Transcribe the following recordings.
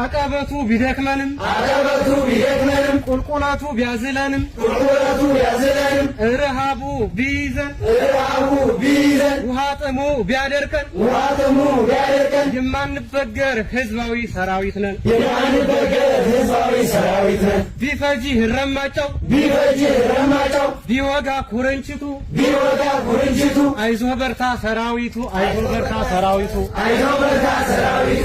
አቀበቱ ቢደክመንም አቀበቱ ቢደክመንም ቁልቁለቱ ቢያዝለንም ቁልቁለቱ ቢያዝለንም እርሃቡ ቢይዘን እርሃቡ ቢይዘን ውሃ ጥሙ ቢያደርቀን ውሃ ጥሙ ቢያደርቀን የማንበገር ህዝባዊ ሰራዊት ነን የማንበገር ህዝባዊ ሰራዊት ነን። ቢፈጂ ረማጫው ቢፈጂ ረማጫው ቢወጋ ኩርንችቱ ቢወጋ ኩርንችቱ አይዞ በርታ ሰራዊቱ አይዞ በርታ ሰራዊቱ አይዞ በርታ ሰራዊቱ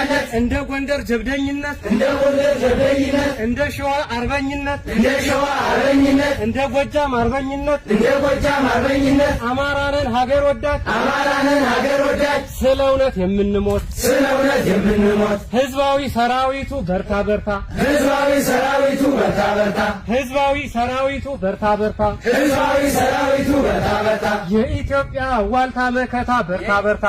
ነጻነት፣ እንደ ጎንደር ጀብደኝነት፣ እንደ ጎንደር ጀብደኝነት፣ እንደ ሸዋ አርበኝነት፣ እንደ ሸዋ አርበኝነት፣ እንደ ጎጃም አርበኝነት፣ እንደ ጎጃም አርበኝነት አማራነን ሀገር ወዳድ፣ አማራነን ሀገር ወዳድ፣ ስለ እውነት የምንሞት፣ ስለ እውነት የምንሞት ህዝባዊ ሰራዊቱ በርታ በርታ፣ ህዝባዊ ሰራዊቱ በርታ በርታ፣ ህዝባዊ ሰራዊቱ በርታ በርታ፣ ህዝባዊ ሰራዊቱ በርታ በርታ፣ የኢትዮጵያ ዋልታ መከታ በርታ በርታ